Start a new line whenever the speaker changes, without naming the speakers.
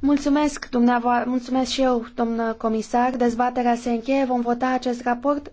Mulțumesc, dumneavoastră, mulțumesc și eu, domnă comisar. Dezbaterea se încheie. Vom vota acest raport